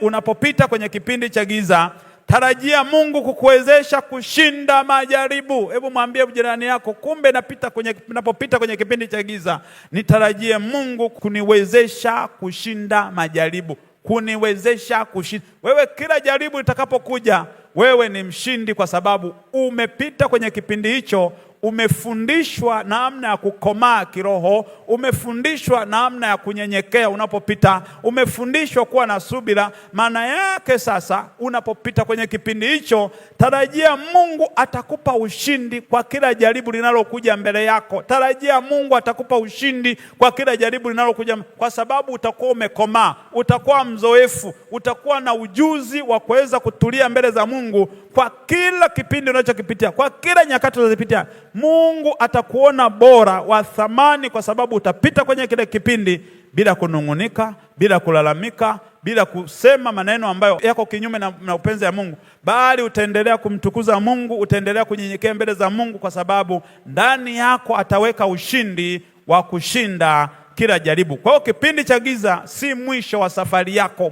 unapopita kwenye kipindi cha giza, tarajia Mungu kukuwezesha kushinda majaribu. Hebu mwambie jirani yako, kumbe napita kwenye, napopita kwenye kipindi cha giza nitarajie Mungu kuniwezesha kushinda majaribu, kuniwezesha kushinda. Wewe kila jaribu litakapokuja wewe ni mshindi, kwa sababu umepita kwenye kipindi hicho, umefundishwa namna ya kukomaa kiroho, umefundishwa namna ya kunyenyekea unapopita, umefundishwa kuwa na subira. Maana yake sasa, unapopita kwenye kipindi hicho, tarajia Mungu atakupa ushindi kwa kila jaribu linalokuja mbele yako. Tarajia Mungu atakupa ushindi kwa kila jaribu linalokuja, kwa sababu utakuwa umekomaa, utakuwa mzoefu, utakuwa na ujuzi wa kuweza kutulia mbele za Mungu. Mungu kwa kila kipindi unachokipitia, kwa kila nyakati unazopitia, Mungu atakuona bora wa thamani, kwa sababu utapita kwenye kile kipindi bila kunung'unika, bila kulalamika, bila kusema maneno ambayo yako kinyume na, na upenzi ya Mungu, bali utaendelea kumtukuza Mungu, utaendelea kunyenyekea mbele za Mungu, kwa sababu ndani yako ataweka ushindi wa kushinda kila jaribu. Kwa hiyo kipindi cha giza si mwisho wa safari yako.